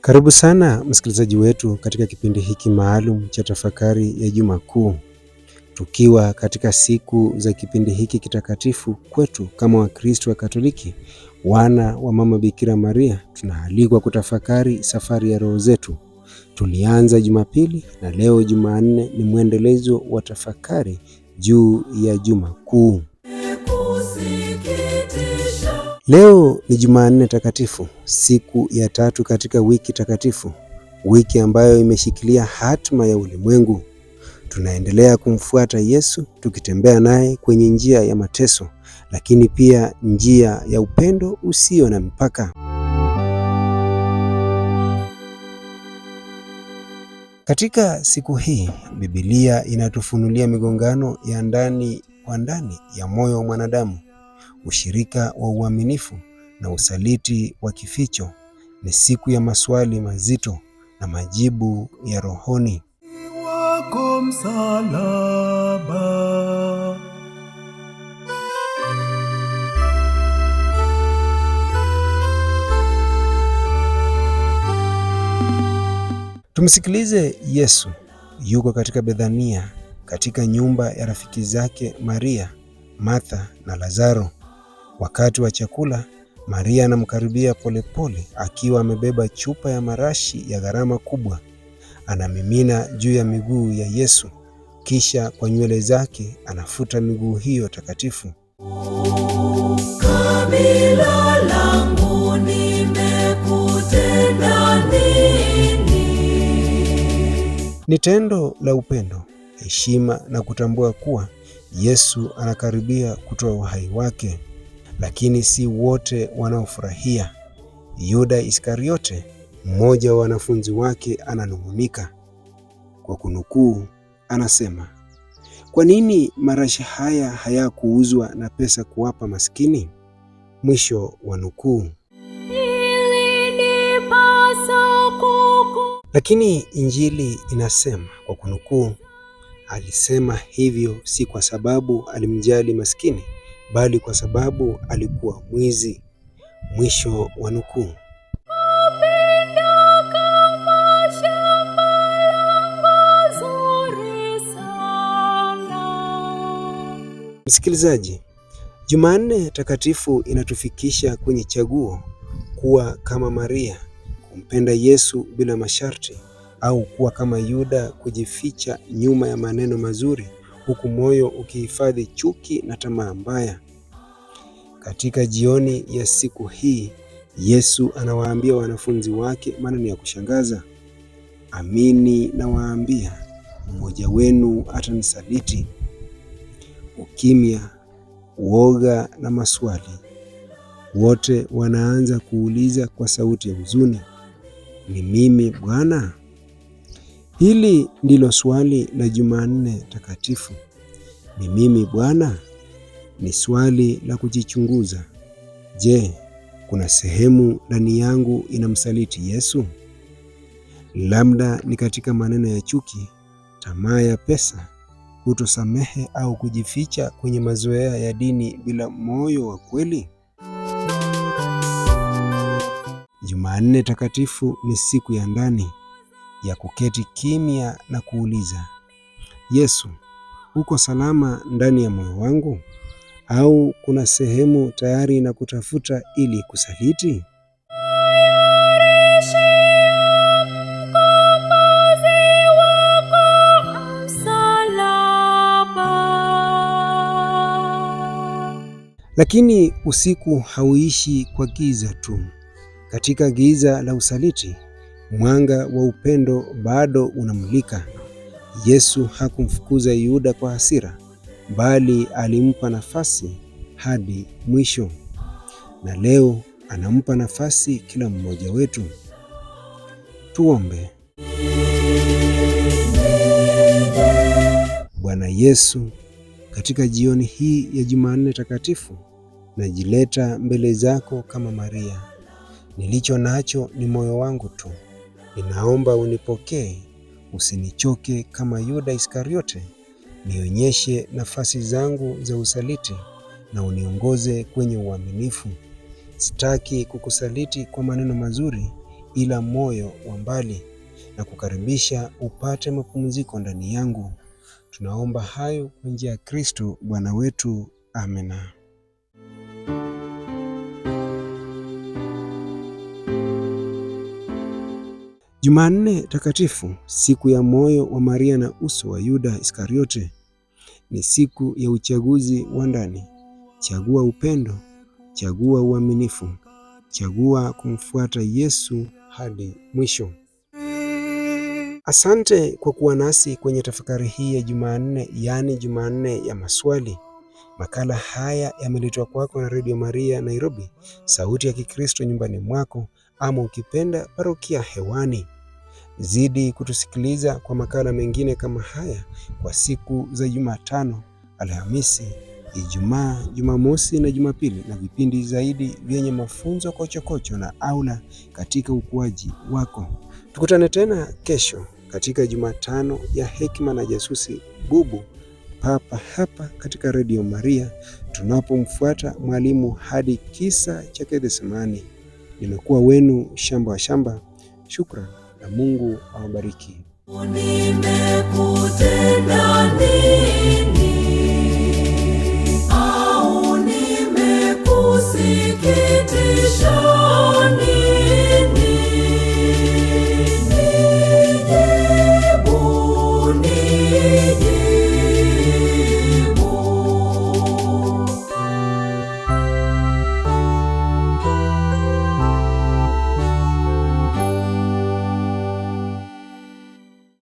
Karibu sana msikilizaji wetu katika kipindi hiki maalum cha tafakari ya Juma Kuu, tukiwa katika siku za kipindi hiki kitakatifu kwetu kama Wakristo wa Katoliki, wana wa Mama Bikira Maria, tunaalikwa kutafakari safari ya roho zetu Tulianza Jumapili na leo Jumanne ni mwendelezo wa tafakari juu ya Juma Kuu. Leo ni Jumanne Takatifu, siku ya tatu katika wiki takatifu, wiki ambayo imeshikilia hatma ya ulimwengu. Tunaendelea kumfuata Yesu tukitembea naye kwenye njia ya mateso, lakini pia njia ya upendo usio na mipaka. Katika siku hii, Biblia inatufunulia migongano ya ndani kwa ndani ya moyo wa mwanadamu, ushirika wa uaminifu na usaliti wa kificho. Ni siku ya maswali mazito na majibu ya rohoni. Wako msalaba Tumsikilize Yesu yuko katika Bethania katika nyumba ya rafiki zake Maria, Martha na Lazaro. Wakati wa chakula, Maria anamkaribia polepole akiwa amebeba chupa ya marashi ya gharama kubwa. Anamimina juu ya miguu ya Yesu, kisha kwa nywele zake anafuta miguu hiyo takatifu. Ni tendo la upendo, heshima na kutambua kuwa Yesu anakaribia kutoa uhai wake. Lakini si wote wanaofurahia. Yuda Iskariote, mmoja wa wanafunzi wake, ananung'unika. Kwa kunukuu, anasema, kwa nini marashi haya hayakuuzwa na pesa kuwapa maskini? Mwisho wa nukuu. Lakini Injili inasema kwa kunukuu, alisema hivyo si kwa sababu alimjali maskini, bali kwa sababu alikuwa mwizi. Mwisho wa nukuu. Msikilizaji, Jumanne Takatifu inatufikisha kwenye chaguo kuwa kama Maria kumpenda Yesu bila masharti au kuwa kama Yuda kujificha nyuma ya maneno mazuri huku moyo ukihifadhi chuki na tamaa mbaya. Katika jioni ya siku hii, Yesu anawaambia wanafunzi wake maneno ya kushangaza. Amini nawaambia, mmoja wenu atanisaliti. Ukimya, uoga na maswali. Wote wanaanza kuuliza kwa sauti ya huzuni ni mimi Bwana? Hili ndilo swali la Jumanne Takatifu. Ni mimi Bwana ni swali la kujichunguza. Je, kuna sehemu ndani yangu inamsaliti Yesu? Labda ni katika maneno ya chuki, tamaa ya pesa, kutosamehe au kujificha kwenye mazoea ya dini bila moyo wa kweli. Jumanne takatifu ni siku ya ndani ya kuketi kimya na kuuliza, Yesu, uko salama ndani ya moyo wangu au kuna sehemu tayari na kutafuta ili kusaliti? Lakini usiku hauishi kwa giza tu. Katika giza la usaliti, mwanga wa upendo bado unamulika. Yesu hakumfukuza Yuda kwa hasira, bali alimpa nafasi hadi mwisho. Na leo anampa nafasi kila mmoja wetu. Tuombe. Bwana Yesu, katika jioni hii ya Jumanne Takatifu, najileta mbele zako kama Maria Nilicho nacho ni moyo wangu tu, ninaomba unipokee, usinichoke kama Yuda Iskariote. Nionyeshe nafasi zangu za usaliti na uniongoze kwenye uaminifu. Sitaki kukusaliti kwa maneno mazuri, ila moyo wa mbali na kukaribisha upate mapumziko ndani yangu. Tunaomba hayo kwa njia ya Kristo Bwana wetu. Amina. Jumanne Takatifu, siku ya moyo wa Maria na uso wa Yuda Iskariote, ni siku ya uchaguzi wa ndani. Chagua upendo, chagua uaminifu, chagua kumfuata Yesu hadi mwisho. Asante kwa kuwa nasi kwenye tafakari hii ya Jumanne, yaani Jumanne ya maswali. Makala haya yameletwa kwako na Radio Maria Nairobi, sauti ya Kikristo nyumbani mwako, ama ukipenda parokia hewani. Zidi kutusikiliza kwa makala mengine kama haya kwa siku za Jumatano, Alhamisi, Ijumaa, Jumamosi na Jumapili, na vipindi zaidi vyenye mafunzo kochokocho na aula katika ukuaji wako. Tukutane tena kesho katika Jumatano ya Hekima na Jasusi Bubu, papa hapa katika Redio Maria, tunapomfuata mwalimu hadi kisa cha Gethsemane. Nimekuwa wenu Shamba wa Shamba. Shukran na Mungu awabariki. Nimekutenda nini?